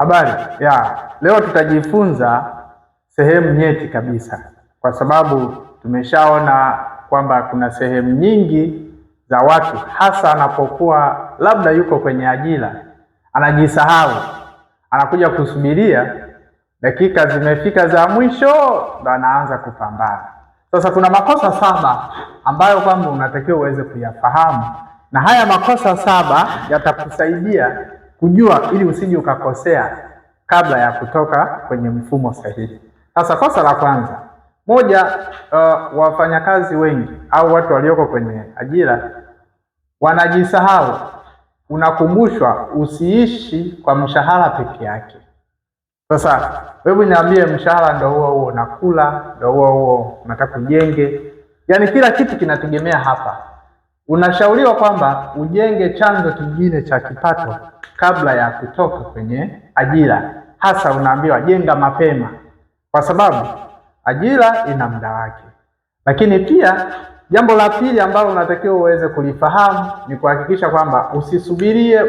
Habari ya leo, tutajifunza sehemu nyeti kabisa, kwa sababu tumeshaona kwamba kuna sehemu nyingi za watu, hasa anapokuwa labda yuko kwenye ajira, anajisahau, anakuja kusubiria dakika zimefika za mwisho, ndo anaanza kupambana. Sasa kuna makosa saba ambayo kwamba unatakiwa uweze kuyafahamu, na haya makosa saba yatakusaidia kujua ili usije ukakosea kabla ya kutoka kwenye mfumo sahihi. Sasa kosa la kwanza moja, uh, wafanyakazi wengi au watu walioko kwenye ajira wanajisahau. Unakumbushwa usiishi kwa mshahara peke yake. Sasa hebu niambie, mshahara ndio huo huo unakula, ndio huo huo unataka ujenge, yaani kila kitu kinategemea hapa Unashauriwa kwamba ujenge chanzo kingine cha kipato kabla ya kutoka kwenye ajira. Hasa unaambiwa jenga mapema, kwa sababu ajira ina muda wake. Lakini pia jambo la pili ambalo unatakiwa uweze kulifahamu ni kuhakikisha kwamba usisubirie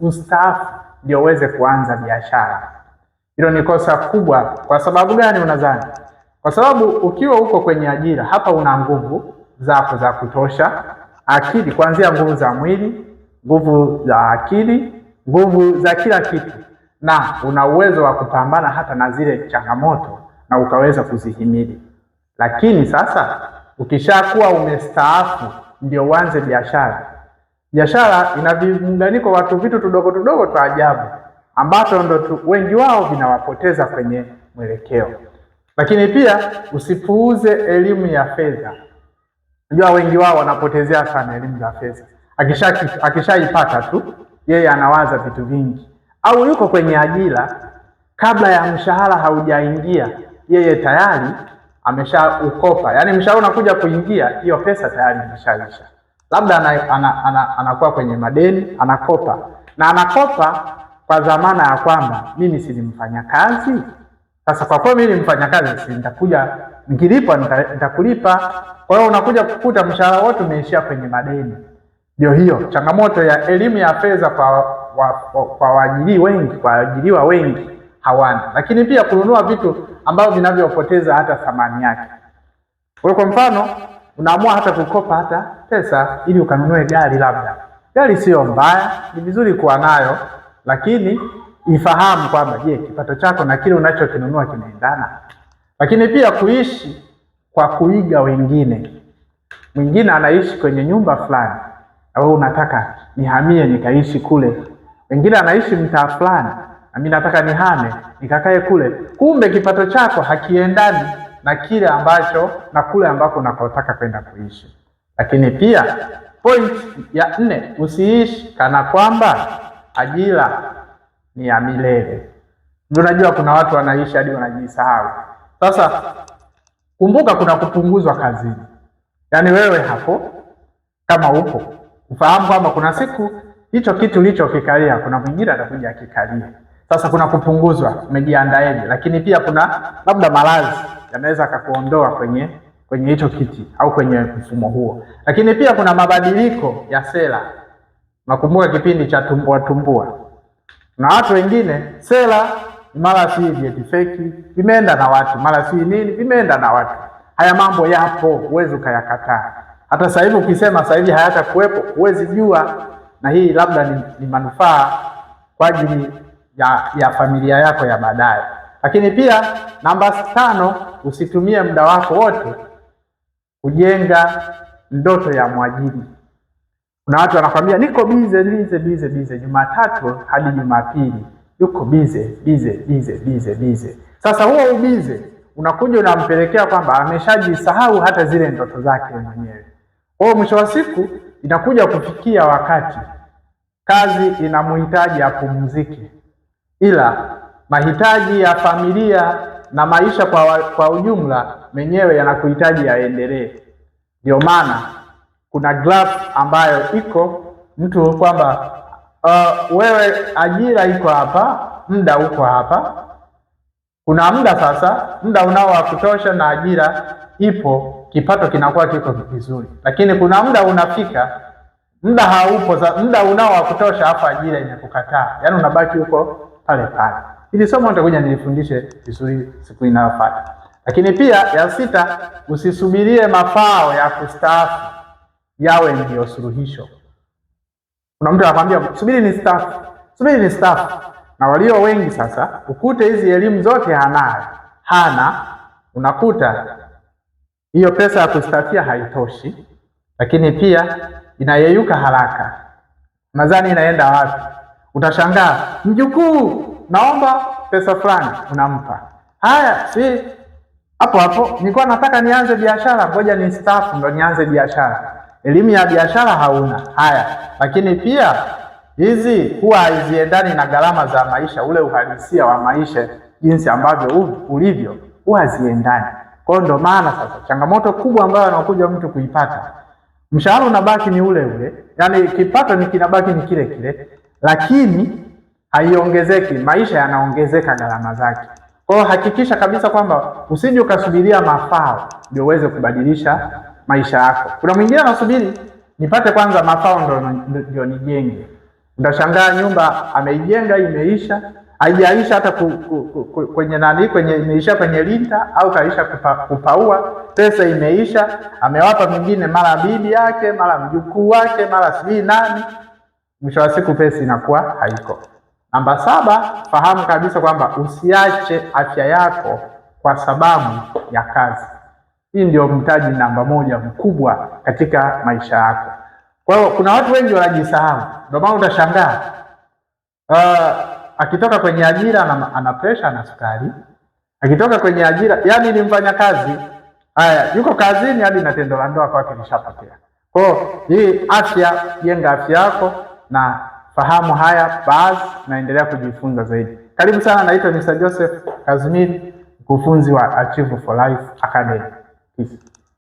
ustaafu ndio uweze kuanza biashara. Hilo ni kosa kubwa. Kwa sababu gani unadhani? Kwa sababu ukiwa uko kwenye ajira hapa, una nguvu zako za kutosha akili, kuanzia nguvu za mwili, nguvu za akili, nguvu za kila kitu, na una uwezo wa kupambana hata na zile changamoto na ukaweza kuzihimili. Lakini sasa ukishakuwa umestaafu, ndio uanze biashara. Biashara ina viunganiko watu, vitu tudogo tudogo tu ajabu ambacho ndo wengi wao vinawapoteza kwenye mwelekeo. Lakini pia usipuuze elimu ya fedha. Unajua wengi wao wanapotezea sana elimu za fedha. Akisha akishaipata tu yeye anawaza vitu vingi, au yuko kwenye ajira kabla ya mshahara haujaingia, yeye tayari ameshaukopa, yaani mshahara unakuja kuingia, hiyo pesa tayari imeshaisha. Labda anakuwa ana, ana, ana kwenye madeni, anakopa na anakopa kwa dhamana ya kwamba mimi si kazi Sasa kwa kuwa mimi ni mfanyakazi, si nitakuja nikilipa nitakulipa. Kwa hiyo unakuja kukuta mshahara wote umeishia kwenye madeni. Ndio hiyo changamoto ya elimu ya fedha kwa kwa waajiri wengi, kwa waajiriwa wengi hawana, lakini pia kununua vitu ambavyo vinavyopoteza hata thamani yake. Kwa kwa mfano, unaamua hata kukopa hata pesa ili ukanunue gari, labda gari siyo mbaya, ni vizuri kuwa nayo, lakini ifahamu kwamba je, kipato chako na kile unachokinunua kinaendana? Lakini pia kuishi kwa kuiga wengine. Mwingine anaishi kwenye nyumba fulani na wewe unataka nihamie nikaishi kule. wengine anaishi mtaa fulani na mimi nataka nihame nikakae kule. Kumbe kipato chako hakiendani na kile ambacho na kule ambako unakotaka kwenda kuishi. Lakini pia point ya nne, usiishi kana kwamba ajira ni ya milele. Unajua kuna watu wanaishi hadi wanajisahau. Sasa kumbuka, kuna kupunguzwa kazini, yaani wewe hapo kama upo ufahamu kwamba kuna siku hicho kitu ulichokikalia kuna mwingine atakuja akikalia. Sasa kuna kupunguzwa, umejiandaeni? Lakini pia kuna labda maradhi yanaweza akakuondoa kwenye kwenye hicho kiti au kwenye mfumo huo, lakini pia kuna mabadiliko ya sera. Nakumbuka kipindi cha tumbua tumbua, na watu wengine sera mara si vyeti feki vimeenda na watu, mara si nini vimeenda na watu. Haya mambo yapo, huwezi ukayakataa. Hata sasa hivi ukisema sasa hivi hayatakuwepo, huwezi jua, na hii labda ni, ni manufaa kwa ajili ya, ya familia yako ya baadaye. Lakini pia namba tano, usitumie muda wako wote kujenga ndoto ya mwajiri. Kuna watu wanakwambia niko bize bize bize bize Jumatatu hadi Jumapili yuko bize bize bize bize bize. Sasa huo ubize unakuja unampelekea kwamba ameshajisahau hata zile ndoto zake mwenyewe. Kwa mwisho wa siku inakuja kufikia wakati kazi inamhitaji apumzike, ila mahitaji ya familia na maisha kwa, kwa ujumla menyewe yanakuhitaji yaendelee. Ndio maana kuna graph ambayo iko mtu kwamba uh, wewe ajira iko hapa, muda uko hapa, kuna muda sasa, muda unao wa kutosha na ajira ipo, kipato kinakuwa kiko vizuri, lakini kuna muda unafika, muda haupo, muda unao wa kutosha hapa, ajira imekukataa, yaani unabaki huko pale pale. Ili somo nitakuja nilifundishe vizuri siku inayofuata. Lakini pia ya sita, usisubirie mafao ya kustaafu yawe ndiyo suluhisho. Kuna mtu anakwambia subiri ni staff, subiri ni staff. Na walio wengi sasa ukute hizi elimu zote hanayo, hana unakuta hiyo pesa ya kustafia haitoshi, lakini pia inayeyuka haraka. Nadhani inaenda wapi? Utashangaa, mjukuu, naomba pesa fulani, unampa. Haya, si hapo hapo, nilikuwa nataka nianze biashara, ngoja ni staff ndo nianze biashara elimu ya biashara hauna haya, lakini pia hizi huwa haziendani na gharama za maisha, ule uhalisia wa maisha jinsi ambavyo ulivyo huwa haziendani. Kwa hiyo ndo maana sasa changamoto kubwa ambayo anakuja mtu kuipata, mshahara unabaki ni ule ule, yani kipato ni kinabaki ni kile kile, lakini haiongezeki, maisha yanaongezeka gharama zake. Kwa hiyo hakikisha kabisa kwamba usije ukasubiria mafao ndio uweze kubadilisha maisha yako. Kuna mwingine anasubiri nipate kwanza mafao ndo ndio nijenge. Utashangaa nyumba ameijenga imeisha, haijaisha hata ku, ku, ku, ku, kwenye nani kwenye imeisha kwenye linta au kaisha kupa, kupaua, pesa imeisha, amewapa mwingine mara bibi yake, mara mjukuu wake, mara sijui nani. Mwisho wa siku pesa inakuwa haiko. Namba saba, fahamu kabisa kwamba usiache afya yako kwa sababu ya kazi. Hii ndio mtaji namba moja mkubwa katika maisha yako. Kwa hiyo kuna watu wengi wanajisahau, ndio maana utashangaa uh, akitoka kwenye ajira ana, ana presha na sukari, akitoka kwenye ajira yani ni mfanya kazi haya, yuko kazini hadi na tendo la ndoa kwake lishapokea. Kwa hiyo hii afya, jenga afya yako na fahamu haya baadhi, naendelea kujifunza zaidi. Karibu sana, naitwa Mr. Joseph Kazimiri, mkufunzi wa Achieve for Life Academy. Mm-hmm.